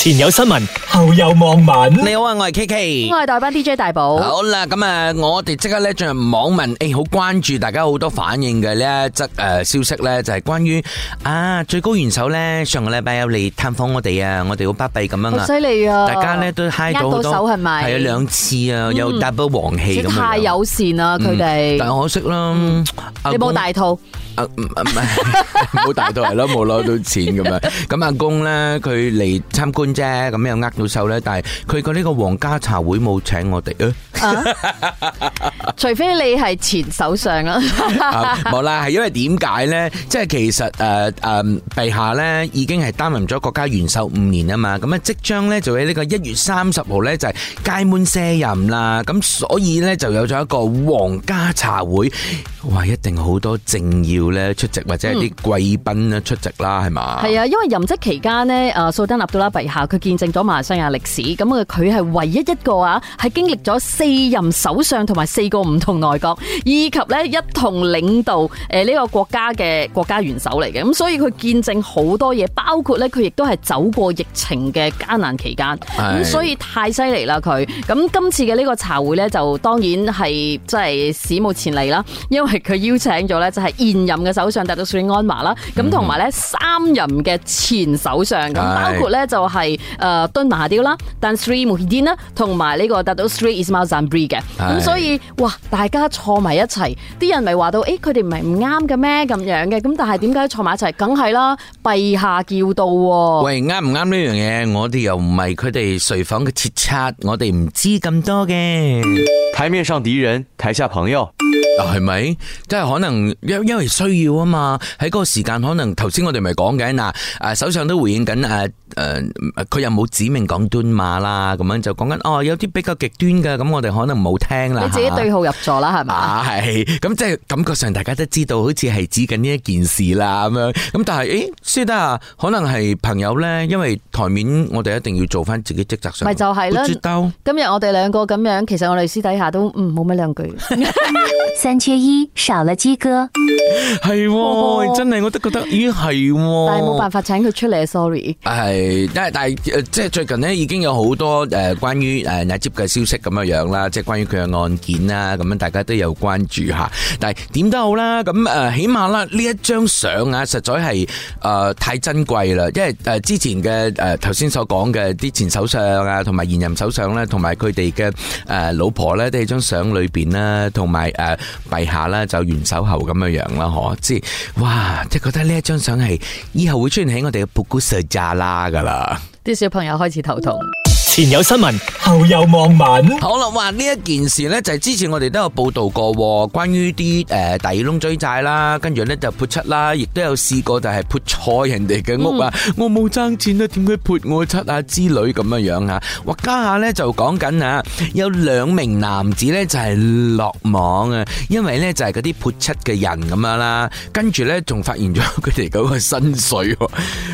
前有新聞，後有網民。你好啊，我係 K K，我係代班 D J 大寶。好啦，咁啊，我哋即刻咧進入網民，誒，好關注，大家好多反應嘅呢一則誒消息咧，就係關於啊最高元首咧上個禮拜有嚟探訪我哋啊，我哋好巴閉咁樣啊，犀利啊！大家咧都揩到手係咪？係啊，兩次啊，有 Double 黃氣，太友善啦佢哋。但可惜啦，你冇大肚。唔唔唔，唔好大台咯，冇、啊、攞 到，到錢咁樣。咁 阿公咧，佢嚟參觀啫，咁又呃到手咧。但係佢個呢個皇家茶會冇請我哋 啊。 除非你係前首相啦，冇啦，係因為點解咧？即係其實誒誒，陛下咧已經係擔任咗國家元首五年啊嘛，咁啊即將咧就喺呢個一月三十號咧就係屆滿卸任啦，咁所以咧就有咗一個皇家茶會，哇，一定好多政要咧出席或者係啲貴賓咧出席啦，係嘛？係啊，因為任職期間咧，啊，蘇丹納杜拉陛下佢見證咗馬來西亞歷史，咁啊佢係唯一一個啊係經歷咗四任首相同埋四。個唔同外國，以及咧一同領導誒呢個國家嘅國家元首嚟嘅，咁所以佢見證好多嘢，包括咧佢亦都係走過疫情嘅艱難期間，咁的、嗯、所以太犀利啦佢。咁今次嘅呢個茶會咧，就當然係即係史無前例啦，因為佢邀請咗咧就係現任嘅首相達魯率領安華啦，咁同埋咧三人嘅前首相，咁的包括咧就係、是、誒、呃、敦馬哈迪啦，達魯三穆希丁啦，同埋呢個達 a 三伊斯 r 山 e 嘅，咁、這個的嗯、所以。哇！大家坐埋一齊，啲人咪話到，誒，佢哋唔係唔啱嘅咩咁樣嘅？咁但係點解坐埋一齊？梗係啦，陛下叫到。喂，啱唔啱呢樣嘢？我哋又唔係佢哋睡房嘅徹查，我哋唔知咁多嘅。睇面上敵人，睇下朋友，嗱係咪？即係可能因因為需要啊嘛。喺嗰個時間，可能頭先我哋咪講緊嗱，誒首相都回應緊誒誒，佢又冇指明講敦馬啦，咁樣就講緊哦，有啲比較極端嘅，咁我哋可能冇聽啦。你自己對。好入座啦，係嘛？係咁，即係感覺上大家都知道，好似係指緊呢一件事啦，咁樣。咁但係，誒，舒德啊，可能係朋友咧，因為台面我哋一定要做翻自己職責上，咪就係咯。今日我哋兩個咁樣，其實我哋私底下都嗯冇乜兩句，三缺一，少了雞哥，係真係我都覺得咦係，但係冇辦法請佢出嚟，sorry。係，但係但係即係最近呢已經有好多誒關於誒阿 J 嘅消息咁樣樣啦，即係關於佢嘅案件啦。啊，咁樣大家都有關注吓，但係點都好啦，咁誒起碼啦，呢一張相啊，實在係誒、呃、太珍貴啦，因為誒之前嘅誒頭先所講嘅啲前首相啊，同埋現任首相咧，同埋佢哋嘅誒老婆咧，都係張相裏邊啦，同埋誒陛下啦，就元首后咁嘅樣啦，嗬，即係哇，即係覺得呢一張相係以後會出現喺我哋嘅布古塞扎拉噶啦，啲小朋友開始頭痛。前有新聞，後有網民。好啦，哇！呢一件事呢，就係之前我哋都有報道過，關於啲誒地窿追債啦，跟住呢，就潑漆啦，亦都有試過就係潑錯人哋嘅屋啊。嗯、我冇爭錢啊，點解潑我漆啊？之類咁樣樣吓。哇！家下呢，就講緊啊，有兩名男子呢，就係落網啊，因為呢，就係嗰啲潑漆嘅人咁樣啦。跟住呢，仲發現咗佢哋嗰個薪水，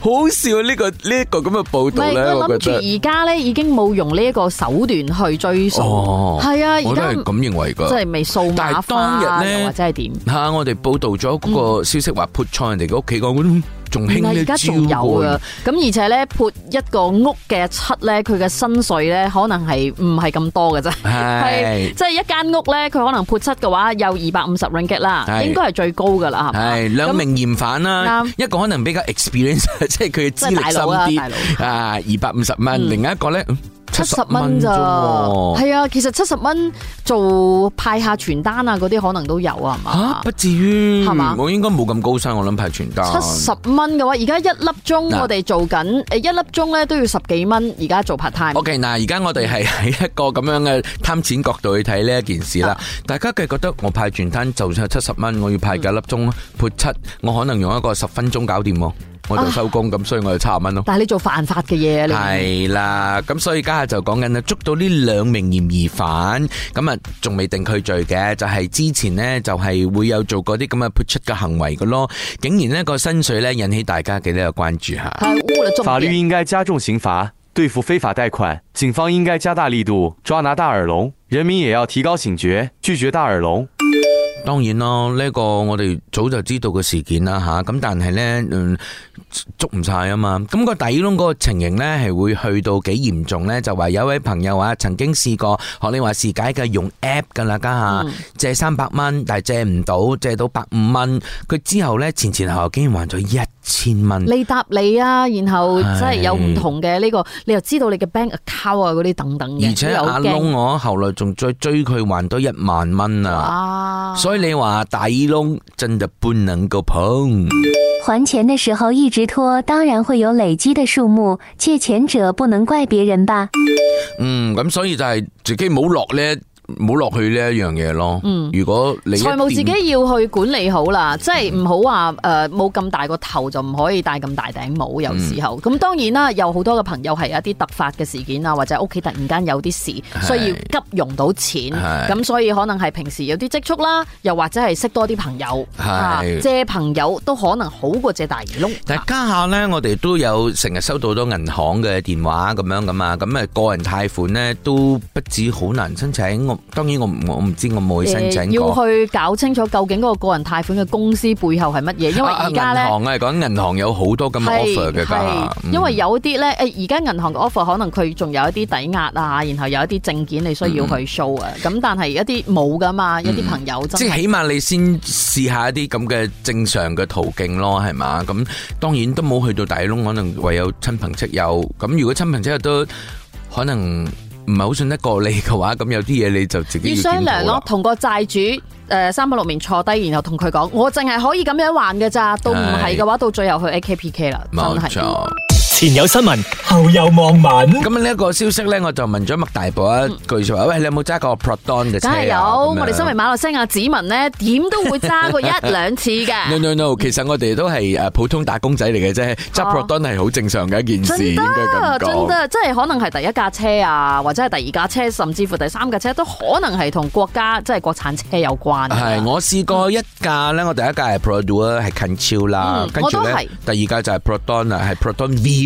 好笑啊！呢、這個呢一、這個咁嘅、這個這個、報道咧，我，我覺得而家咧已經。冇用呢一個手段去追溯。哦，係啊，我都係咁認為噶，即係未數碼化，但係當日呢，又或者係點吓？我哋報道咗嗰個消息話潑錯人哋嘅屋企個。嗯仲興啲仲有啊！咁會而且咧，潑一個屋嘅漆咧，佢嘅薪水咧，可能係唔係咁多嘅啫。係是，即係、就是、一間屋咧，佢可能潑漆嘅話有二百五十 ringgit 啦，M, 是應該係最高噶啦啊。係是吧兩名嫌犯啦，那一個可能比較 experienced， 即係佢嘅資歷深啲啊，二百五十萬，啊 M, 嗯、另一個咧。七十蚊咋？係 啊，其實七十蚊做派下傳單啊，嗰啲可能都有啊，係嘛？啊，不至於係嘛？我應該冇咁高薪，我諗派傳單。七十蚊嘅話，而家一粒鐘我哋做緊誒、啊欸，一粒鐘咧都要十幾蚊。而家做 part time。OK，嗱、啊，而家我哋係喺一個咁樣嘅貪錢角度去睇呢一件事啦。啊、大家梗係覺得，我派傳單，就算係七十蚊，我要派幾粒鐘？潑、嗯、漆，我可能用一個十分鐘搞掂。我就收工咁，啊、所以我就差廿蚊咯。但係你做犯法嘅嘢啊！係啦，咁所以家下就講緊啦，捉到呢兩名嫌疑犯，咁啊仲未定佢罪嘅，就係、是、之前呢，就係會有做嗰啲咁嘅潑出嘅行為嘅咯。竟然呢個薪水呢，引起大家嘅呢個關注吓。法律應該加重刑罰，對付非法貸款，警方應該加大力度抓拿大耳窿，人民也要提高警覺，拒絕大耳窿。當然咯，呢、這個我哋早就知道嘅事件啦吓。咁但係呢。嗯。捉唔晒啊嘛！咁、那個底窿嗰個情形咧，係會去到幾嚴重咧？就話有一位朋友啊，曾經試過學你話事解嘅用 app 噶啦，家下借三百蚊，但係借唔到，借到百五蚊，佢之後咧前前後後竟然還咗一千蚊。你答你啊，然後即係有唔同嘅呢、這個，是你又知道你嘅 bank account 啊嗰啲等等。而且阿窿我後來仲再追佢還多一萬蚊啊！所以你話底窿真就半能夠捧。還錢的時候一直拖，當然會有累積的數目。借錢者不能怪別人吧？嗯，咁所以就係自己冇落力。唔好落去呢一樣嘢咯。嗯，如果你財務自己要去管理好啦，即係唔好話誒，冇咁大個頭就唔可以戴咁大頂帽。有時候，咁當然啦，有好多嘅朋友係一啲突發嘅事件啊，或者屋企突然間有啲事需要急用到錢，咁所以可能係平時有啲積蓄啦，又或者係識多啲朋友，借朋友都可能好過借大耳窿。但家下呢，我哋都有成日收到咗銀行嘅電話咁樣噶嘛，咁啊個人貸款呢，都不止好難申請。當然我我唔知我冇去申請、呃，要去搞清楚究竟嗰個個人貸款嘅公司背後係乜嘢。因為而家咧銀行啊講銀行有好多咁 offer 嘅、嗯，係、嗯嗯、因為有啲咧誒而家銀行嘅 offer 可能佢仲有一啲抵押啊，然後有一啲證件你需要去 show 啊、嗯，咁但係一啲冇噶嘛，一啲朋友、嗯、即係起碼你先試下一啲咁嘅正常嘅途徑咯，係嘛，咁當然都冇去到底窿，可能唯有親朋戚友咁，如果親朋戚友都可能。可能唔係好信得過你嘅話，咁有啲嘢你就自己要掂商量咯，同個債主誒三個六面坐低，然後同佢講，我淨係可以咁樣還嘅咋，都唔係嘅話，唉到最後去 A K P K 啦，真係。前有新聞，後有網民。咁呢一個消息咧，我就問咗麥大寶一句：話喂，你有冇揸過 Proton 嘅車？梗係有。我哋身為馬來西亞子民咧，點都會揸過一兩次嘅。No no no，其實我哋都係誒普通打工仔嚟嘅啫，揸 Proton 係好正常嘅一件事。真得真得，即係可能係第一架車啊，或者係第二架車，甚至乎第三架車都可能係同國家即係國產車有關。係，我試過一架咧，我第一架係 Proton 係近超啦，跟住咧第二架就係 Proton 啊，係 Proton V。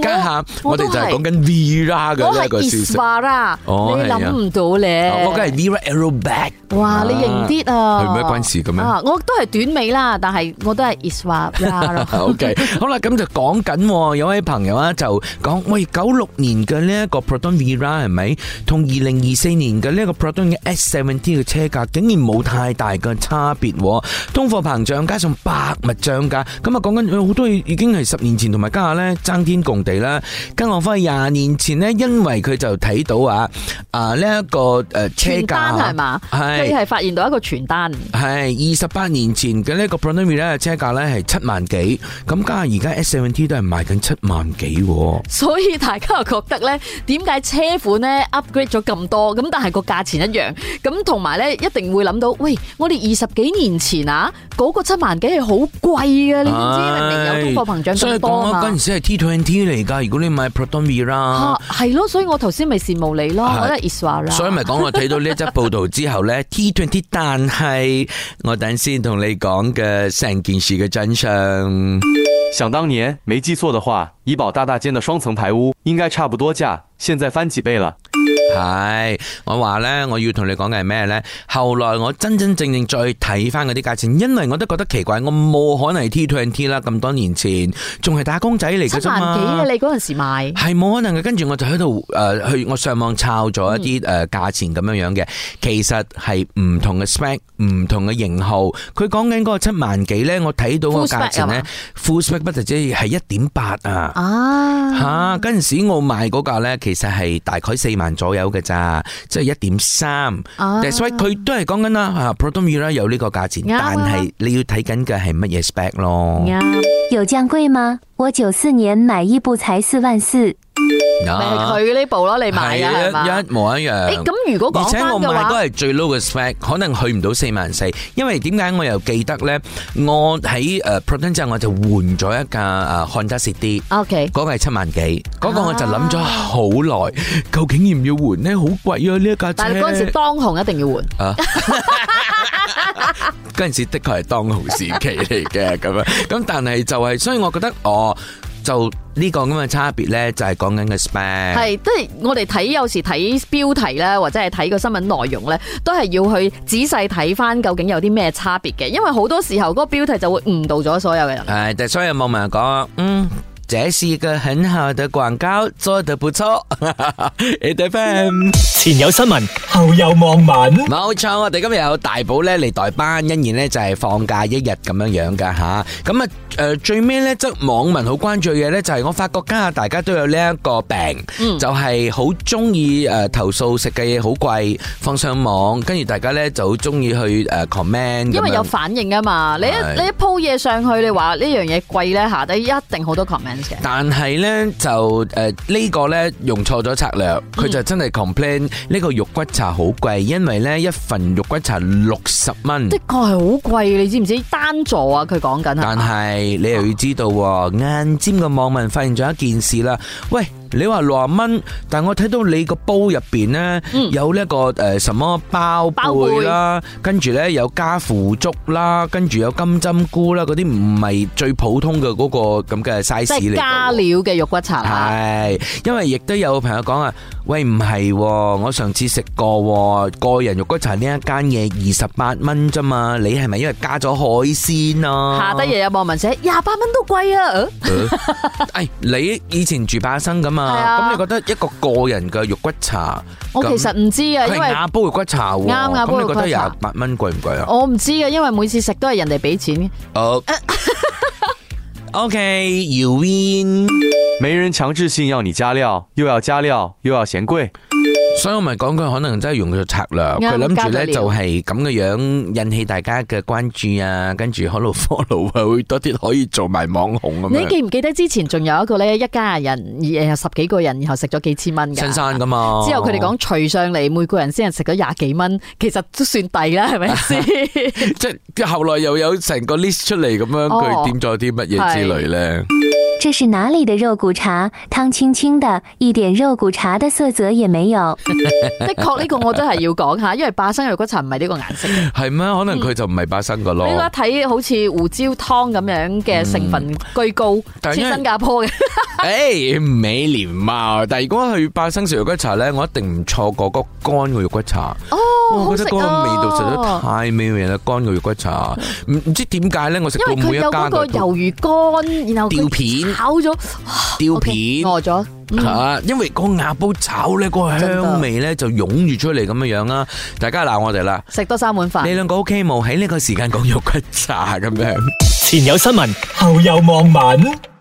家下我哋就講緊 Vira 嘅呢個消息啦，你諗唔到咧。我梗係 Vira Aeroback。哇，你型啲啊！係咩關事咁樣？我都係短尾啦，但係我都係 Isvara 啦。OK，好啦，咁就講緊有位朋友啊，就講喂，九六年嘅呢一個 Proton Vira 係咪同二零二四年嘅呢一個 Proton S70 嘅車價竟然冇太大嘅差別？通貨膨脹加上百物漲價，咁啊講緊有好多嘢已經係十年前同埋家下咧爭天共。地啦，跟落翻廿年前呢，因為佢就睇到啊啊呢一、這個誒車價係嘛，係佢係發現到一個傳單，係二十八年前嘅呢一個 Brony 咧車價咧係七萬幾，咁加下而家 S Seventy 都係賣緊七萬幾， 所以大家又覺得咧，點解車款咧 upgrade 咗咁多，咁但係個價錢一樣，咁同埋咧一定會諗到，喂，我哋二十幾年前啊嗰、那個七萬幾係好貴嘅，的你知唔知？明明有通貨膨脹，所以講嗰陣時係 T20 嚟噶！如果你買 Proton Wira，係咯，所以我頭先咪羨慕你咯，啊、我得 Iswara 所以咪講我睇到呢一則報道之後咧 ，T20 但係我等先同你講嘅成件事嘅真相。想當年，沒記錯的話。怡保大大間嘅雙層排屋應該差唔多價，現在翻幾倍啦。係我話呢，我要同你講嘅係咩呢？後來我真真正正再睇翻嗰啲價錢，因為我都覺得奇怪，我冇可能係 T20 啦，咁多年前仲係打工仔嚟嘅啫嘛。七萬幾啊！你嗰陣時賣係冇可能嘅。跟住我就喺度誒去，我上網抄咗一啲誒價錢咁樣樣嘅。嗯、其實係唔同嘅 spec，唔同嘅型號。佢講緊嗰個七萬幾呢，我睇到個價錢呢，full spec，唔止係一點八啊。啊吓，嗰陣、啊、時我買嗰架咧，其實係大概四萬左右嘅咋，即係一點三。但係所以佢都係講緊啦，吓、啊、Proton U 啦有呢個價錢，呀但係你要睇緊嘅係乜嘢 spec 咯。有將貴嗎？我九四年買一部，才四萬四。咪係佢呢部囉，你買啊，係嘛？一模一樣。咁如果講翻嘅話，而且我買都係最 low 嘅 spec，可能去唔到四萬四。因為點解我又記得咧？我喺誒 Proton 我就換咗一架誒 Honda City。O.K. 嗰個係七萬幾，嗰個我就諗咗好耐，究竟要唔要換咧？好貴啊！呢一架車。但係嗰陣時當紅，一定要換。啊！嗰陣時的確係當紅時期嚟嘅，咁樣咁，但係就係，所以我覺得我。哦，就呢個咁嘅差別咧，就係講緊嘅 span 係，即係我哋睇有時睇標題咧，或者係睇個新聞內容咧，都係要去仔細睇翻究竟有啲咩差別嘅，因為好多時候嗰個標題就會誤導咗所有嘅人。係，對所有網民講，嗯，這是個很好的廣告，做得不錯。Hey，Dear Fam，前有新聞，後有網民，冇錯。我哋今日有大寶咧嚟代班，欣然咧就係放假一日咁樣樣噶吓，咁啊。誒、呃，最尾咧，則網民好關注嘅咧，就係、是、我發覺家下大家都有呢一個病，嗯、就係好中意誒投訴食嘅嘢好貴，放上網，跟住大家咧就好中意去誒 comment。因為有反應啊嘛。對你，你一你一 po 嘢上去，你話呢樣嘢貴咧下，你一定好多 comment 嘅。但係咧就誒、呃，這個、呢個咧用錯咗策略，佢就真係 complain 呢個肉骨茶好貴，因為咧一份肉骨茶六十蚊，的確係好貴，你知唔知單座啊？佢講緊。但係。你又要知道喎，眼尖嘅網民發現咗一件事啦，喂！你話六十蚊，但係我睇到你個煲入邊咧有呢個誒什麼鮑貝啦，跟住咧有加腐竹啦，跟住有金針菇啦，嗰啲唔係最普通嘅嗰個咁嘅 size 嚟。即係加料嘅肉骨茶。係，因為亦都有朋友講啊，喂唔係，我上次食過個人肉骨茶呢一間嘢二十八蚊啫嘛，你係咪因為加咗海鮮啊？下低又有網民寫廿八蚊都貴啊！誒，你以前住八星咁啊？咁、啊、你覺得一個個人嘅肉骨茶，我其實唔知啊，因為阿煲肉骨茶，啱廿煲你覺得廿八蚊貴唔貴啊？我唔知啊，因為每次食都係人哋俾錢嘅。O、oh. K，you、okay, win，沒人強制性要你加料，又要加料，又要嫌貴。所以我咪講佢可能真係用咗策略，佢諗住咧就係咁嘅樣引起大家嘅關注啊，跟住可能 follow 啊，會多啲可以做埋網紅咁樣。你，你記唔記得之前仲有一個咧，一家人十幾個人，然後食咗幾千蚊噶，親生噶嘛。之後佢哋講除上嚟，每個人先係食咗廿幾蚊，哦、其實都算抵啦，係咪先？ 即係後來又有成個 list 出嚟，咁樣佢點咗啲乜嘢之類咧。哦這是哪裏的肉骨茶？湯清清的，一點肉骨茶的色澤也沒有。 的確呢個我都係要講下，因為巴生肉骨茶唔係呢個顏色嘅。係咩？ 可能佢就唔係巴生個咯。你而睇好似胡椒湯咁樣嘅成分居高，似、嗯、新加坡嘅。誒、 哎，美廉嘛！但係如果去巴生食肉骨茶咧，我一定唔錯過個乾個肉骨茶。哦 Oh，我覺得嗰個味道實在太美味啦！乾肉肉骨茶，唔唔 知點解咧，我食到每一家嘅。有個魷魚乾，然後佢炒咗，掉片，餓咗 片。吓、okay，嗯、因為個鴨煲炒咧，個香味咧就湧住出嚟咁樣樣啦。的大家鬧我哋啦，食多三碗飯。你兩個 OK 冇喺呢個時間講肉骨茶咁樣，前有新聞，後有網民。